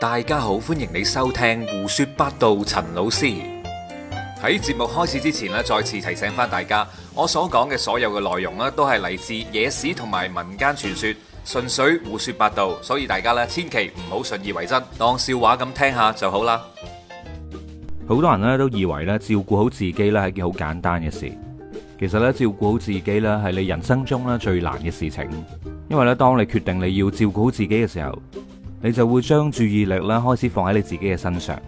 大家好，歡迎你收聽胡說八道。陳老師喺節目開始之前咧，再次提醒翻大家，我所講嘅所有嘅內容咧，都係嚟自野史同埋民間傳說，純粹胡說八道，所以大家咧千祈唔好信以為真，當笑話咁聽下就好啦。好多人咧都以為咧照顧好自己咧係件好簡單嘅事，其實咧照顧好自己咧係你人生中咧最難嘅事情，因為咧當你決定你要照顧好自己嘅時候。你就會將注意力咧開始放喺你自己嘅身上，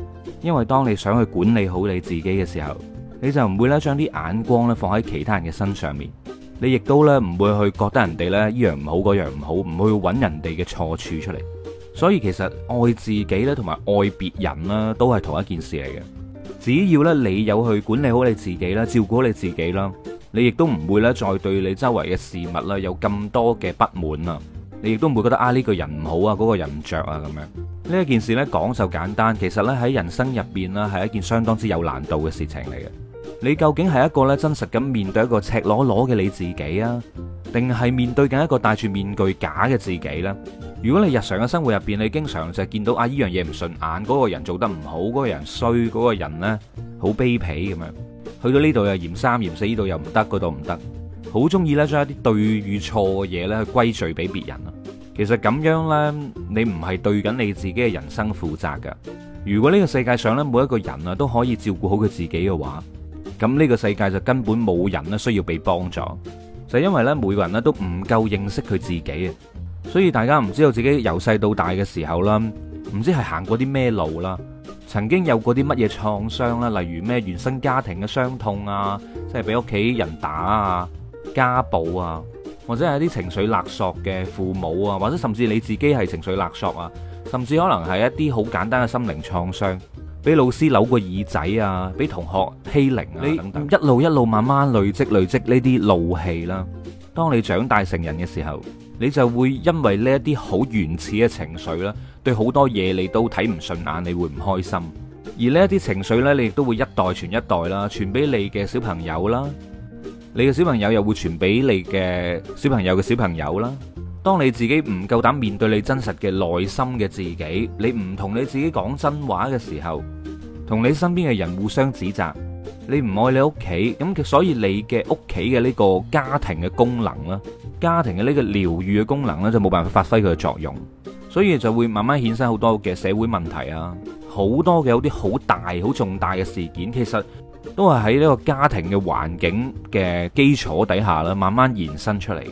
因為當你想去管理好你自己嘅時候，你就唔會咧將啲眼光咧放喺其他人嘅身上面，你亦都咧唔會去覺得人哋咧依樣唔好，嗰樣唔好，唔會揾人哋嘅錯處出嚟。所以其實愛自己咧同埋愛別人咧都係同一件事嚟嘅，只要咧你有去管理好你自己啦，照顧好你自己啦，你亦都唔會咧再對你周圍嘅事物啦有咁多嘅不滿啊！你亦都唔會覺得啊呢個人唔好啊，嗰個人唔着啊咁樣。呢一件事咧講就簡單，其實咧喺人生入邊啦，係一件相當之有難度嘅事情嚟嘅。你究竟係一個咧真實咁面對一個赤裸裸嘅你自己啊，定係面對緊一個戴住面具假嘅自己呢？如果你日常嘅生活入邊，你經常就係見到啊依樣嘢唔順眼，嗰個人做得唔好，嗰個人衰，嗰個人呢好卑鄙咁樣，去到呢度又嫌三嫌四，呢度又唔得，嗰度唔得。好中意咧，將一啲對與錯嘅嘢咧，去歸罪俾別人啊！其實咁樣咧，你唔係對緊你自己嘅人生負責噶。如果呢個世界上咧，每一個人啊都可以照顧好佢自己嘅話，咁呢個世界就根本冇人咧需要被幫助，就因為咧，每個人咧都唔夠認識佢自己啊。所以大家唔知道自己由細到大嘅時候啦，唔知係行過啲咩路啦，曾經有過啲乜嘢創傷啦，例如咩原生家庭嘅傷痛啊，即係俾屋企人打啊。家暴啊，或者係啲情緒勒索嘅父母啊，或者甚至你自己係情緒勒索啊，甚至可能係一啲好簡單嘅心靈創傷，俾老師扭個耳仔啊，俾同學欺凌啊，等等，你一路一路慢慢累積累積呢啲怒氣啦、啊。當你長大成人嘅時候，你就會因為呢一啲好原始嘅情緒啦、啊，對好多嘢你都睇唔順眼，你會唔開心。而呢一啲情緒呢，你亦都會一代傳一代啦、啊，傳俾你嘅小朋友啦、啊。你嘅小朋友又會傳俾你嘅小朋友嘅小朋友啦。當你自己唔夠膽面對你真實嘅內心嘅自己，你唔同你自己講真話嘅時候，同你身邊嘅人互相指責，你唔愛你屋企，咁所以你嘅屋企嘅呢個家庭嘅功能啦，家庭嘅呢個療癒嘅功能呢，就冇辦法發揮佢嘅作用，所以就會慢慢衍生好多嘅社會問題啊，好多嘅有啲好大好重大嘅事件，其實。都係喺呢個家庭嘅環境嘅基礎底下啦，慢慢延伸出嚟。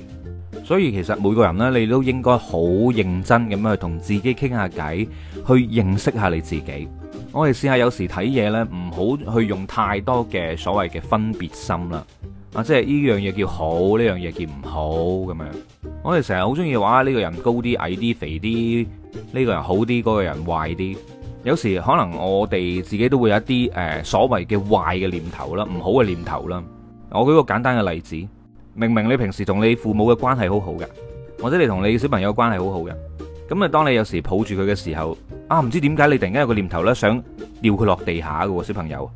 所以其實每個人呢，你都應該好認真咁樣去同自己傾下偈，去認識下你自己。我哋試下有時睇嘢呢，唔好去用太多嘅所謂嘅分別心啦。啊，即係呢樣嘢叫好，呢樣嘢叫唔好咁樣。我哋成日好中意話呢個人高啲、矮啲、肥啲，呢個人好啲，嗰個人壞啲。有時可能我哋自己都會有一啲誒、呃、所謂嘅壞嘅念頭啦，唔好嘅念頭啦。我舉個簡單嘅例子，明明你平時同你父母嘅關係好好嘅，或者你同你小朋友關係好好嘅，咁啊當你有時抱住佢嘅時候，啊唔知點解你突然間有個念頭呢，想掉佢落地下㗎。小朋友，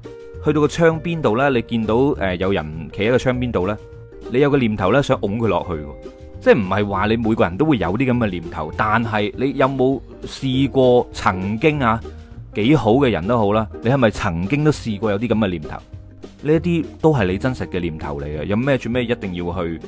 去到個窗邊度呢，你見到誒有人企喺個窗邊度呢，你有個念頭呢，想㧬佢落去。即係唔係話你每個人都會有啲咁嘅念頭，但係你有冇試過曾經啊幾好嘅人都好啦，你係咪曾經都試過有啲咁嘅念頭？呢一啲都係你真實嘅念頭嚟嘅，有咩做咩一定要去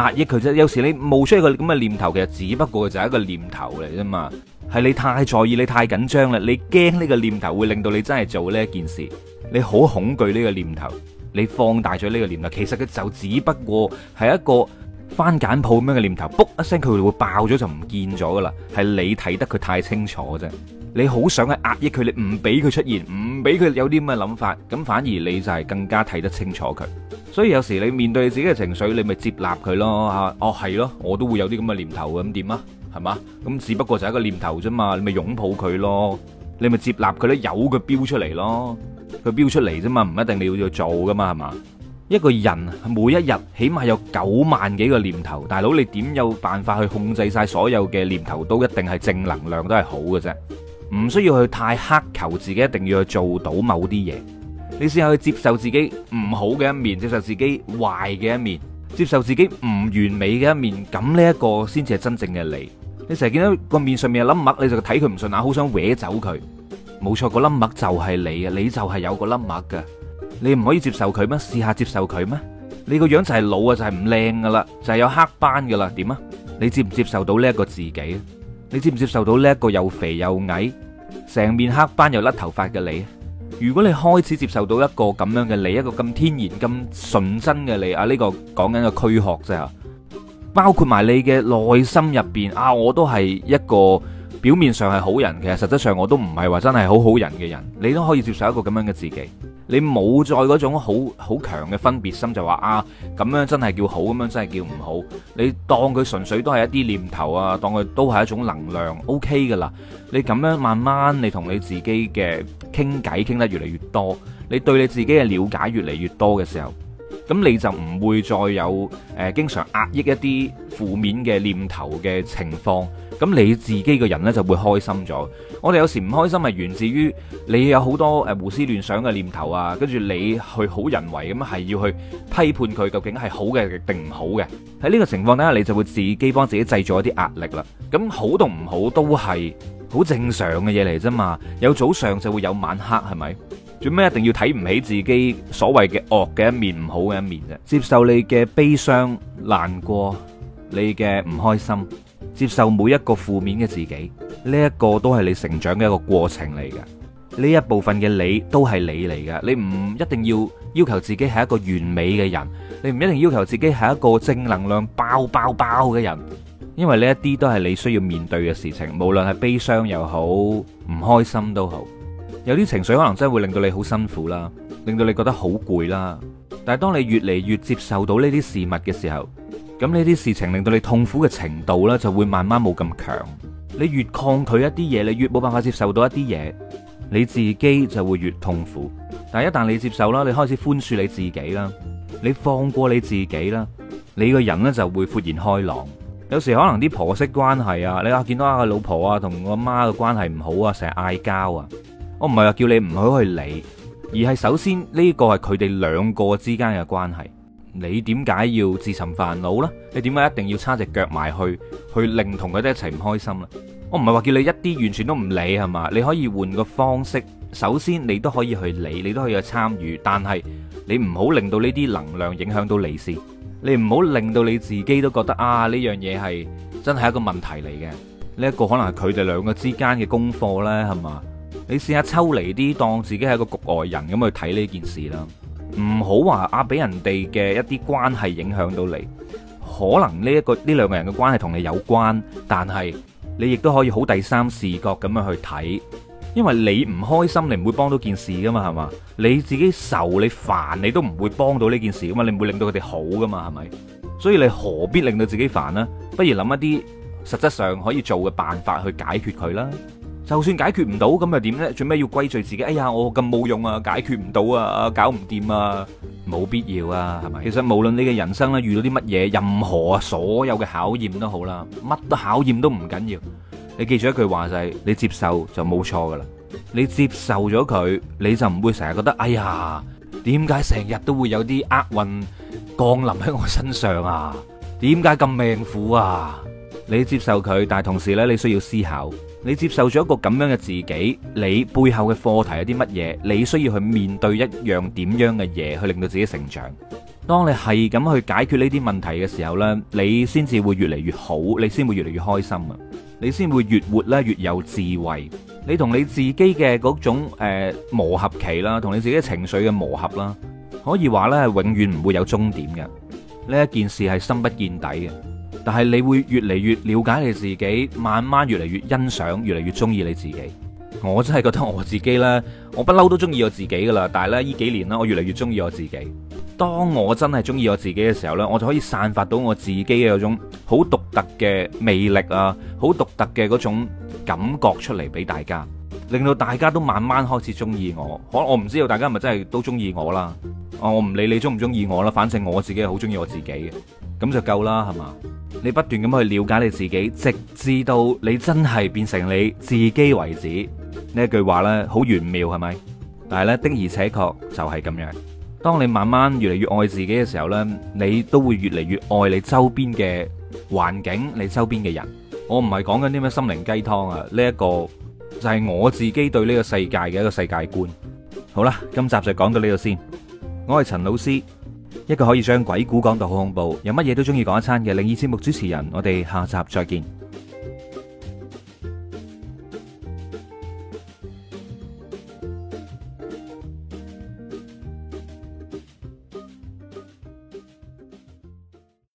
壓抑佢？其實有時你冒出一個咁嘅念頭，其實只不過就係一個念頭嚟啫嘛，係你太在意，你太緊張啦，你驚呢個念頭會令到你真係做呢一件事，你好恐懼呢個念頭，你放大咗呢個念頭，其實佢就只不過係一個。番簡譜咁樣嘅念頭，卜一聲佢會爆咗就唔見咗噶啦，係你睇得佢太清楚啫。你好想去壓抑佢，你唔俾佢出現，唔俾佢有啲咁嘅諗法，咁反而你就係更加睇得清楚佢。所以有時你面對自己嘅情緒，你咪接納佢咯。啊、哦，哦係咯，我都會有啲咁嘅念頭嘅，咁點啊？係嘛？咁只不過就係一個念頭啫嘛，你咪擁抱佢咯，你咪接納佢咧，由佢飆出嚟咯，佢飆出嚟啫嘛，唔一定你要去做噶嘛，係嘛？一個人每一日起碼有九萬幾個念頭，大佬你點有辦法去控制曬所有嘅念頭都一定係正能量都係好嘅啫？唔需要去太苛求自己一定要去做到某啲嘢，你試下去接受自己唔好嘅一面，接受自己壞嘅一面，接受自己唔完美嘅一面，咁呢一個先至係真正嘅你。你成日見到個面上面有粒墨，你就睇佢唔順眼，好想搲走佢。冇錯，個粒墨就係你啊，你就係有個粒墨嘅。你唔可以接受佢咩？試下接受佢咩？你個樣就係老啊，就係唔靚噶啦，就係有黑斑噶啦，點啊？你接唔接受到呢一個自己？你接唔接受到呢一個又肥又矮，成面黑斑又甩頭髮嘅你？如果你開始接受到一個咁樣嘅你，一個咁天然咁純真嘅你啊，呢個講緊個軀殼啫，包括埋你嘅內心入邊啊，我都係一個表面上係好人，其實實質上我都唔係話真係好好人嘅人，你都可以接受一個咁樣嘅自己。你冇再嗰種好好強嘅分別心，就話啊，咁樣真係叫好，咁樣真係叫唔好。你當佢純粹都係一啲念頭啊，當佢都係一種能量，OK 㗎啦。你咁樣慢慢，你同你自己嘅傾偈傾得越嚟越多，你對你自己嘅了解越嚟越多嘅時候。咁你就唔會再有誒、呃，經常壓抑一啲負面嘅念頭嘅情況。咁你自己個人呢就會開心咗。我哋有時唔開心係源自於你有好多誒胡思亂想嘅念頭啊，跟住你去好人為咁係要去批判佢究竟係好嘅定唔好嘅。喺呢個情況底下，你就會自己幫自己製造一啲壓力啦。咁好同唔好都係好正常嘅嘢嚟啫嘛。有早上就會有晚黑，係咪？做咩一定要睇唔起自己所謂嘅惡嘅一面、唔好嘅一面啫？接受你嘅悲傷、難過、你嘅唔開心，接受每一個負面嘅自己，呢一個都係你成長嘅一個過程嚟嘅。呢一部分嘅你都係你嚟㗎，你唔一定要要求自己係一個完美嘅人，你唔一定要求自己係一個正能量爆爆爆嘅人，因為呢一啲都係你需要面對嘅事情，無論係悲傷又好，唔開心都好。有啲情緒可能真係會令到你好辛苦啦，令到你覺得好攰啦。但係當你越嚟越接受到呢啲事物嘅時候，咁呢啲事情令到你痛苦嘅程度呢，就會慢慢冇咁強。你越抗拒一啲嘢，你越冇辦法接受到一啲嘢，你自己就會越痛苦。但係一旦你接受啦，你開始寬恕你自己啦，你放過你自己啦，你個人呢就會豁然開朗。有時可能啲婆媳關係啊，你啊見到阿個老婆啊同個媽嘅關係唔好啊，成日嗌交啊。我唔係話叫你唔好去理，而係首先呢個係佢哋兩個之間嘅關係。你點解要自尋煩惱呢？你點解一定要叉隻腳埋去，去令同佢哋一齊唔開心咧？我唔係話叫你一啲完全都唔理係嘛，你可以換個方式。首先你都可以去理，你都可以去參與，但係你唔好令到呢啲能量影響到你先。你唔好令到你自己都覺得啊呢樣嘢係真係一個問題嚟嘅。呢一個可能係佢哋兩個之間嘅功課咧，係嘛？你試下抽離啲，當自己係一個局外人咁去睇呢件事啦。唔好話啊，俾人哋嘅一啲關係影響到你。可能呢、這、一個呢兩個人嘅關係同你有關，但係你亦都可以好第三視角咁樣去睇。因為你唔開心，你唔會幫到件事噶嘛，係嘛？你自己受你煩，你都唔會幫到呢件事噶嘛，你唔會令到佢哋好噶嘛，係咪？所以你何必令到自己煩呢？不如諗一啲實質上可以做嘅辦法去解決佢啦。就算解決唔到咁又點呢？做咩要歸罪自己？哎呀，我咁冇用啊，解決唔到啊，搞唔掂啊，冇必要啊，係咪？其實無論你嘅人生咧，遇到啲乜嘢，任何所有嘅考驗都好啦，乜都考驗都唔緊要。你記住一句話就係：你接受就冇錯噶啦。你接受咗佢，你就唔會成日覺得：哎呀，點解成日都會有啲厄運降臨喺我身上啊？點解咁命苦啊？你接受佢，但係同時呢，你需要思考。你接受咗一個咁樣嘅自己，你背後嘅課題有啲乜嘢？你需要去面對一樣點樣嘅嘢，去令到自己成長。當你係咁去解決呢啲問題嘅時候呢，你先至會越嚟越好，你先會越嚟越開心啊！你先會越活咧越有智慧。你同你自己嘅嗰種誒、呃、磨合期啦，同你自己情緒嘅磨合啦，可以話呢係永遠唔會有終點嘅。呢一件事係深不見底嘅。但係你會越嚟越了解你自己，慢慢越嚟越欣賞，越嚟越中意你自己。我真係覺得我自己呢，我不嬲都中意我自己噶啦。但係咧呢幾年咧，我越嚟越中意我自己。當我真係中意我自己嘅時候呢，我就可以散發到我自己嘅嗰種好獨特嘅魅力啊，好獨特嘅嗰種感覺出嚟俾大家，令到大家都慢慢開始中意我。可能我唔知道大家係咪真係都中意我啦？我唔理你中唔中意我啦，反正我自己係好中意我自己嘅。咁就夠啦，係嘛？你不斷咁去了解你自己，直至到你真係變成你自己為止。呢一句話呢，好玄妙，係咪？但係呢的而且確就係咁樣。當你慢慢越嚟越愛自己嘅時候呢，你都會越嚟越愛你周邊嘅環境，你周邊嘅人。我唔係講緊啲咩心靈雞湯啊，呢一個就係我自己對呢個世界嘅一個世界觀。好啦，今集就講到呢度先。我係陳老師。一個可以將鬼故講到好恐怖，有乜嘢都中意講一餐嘅，靈異節目主持人，我哋下集再見。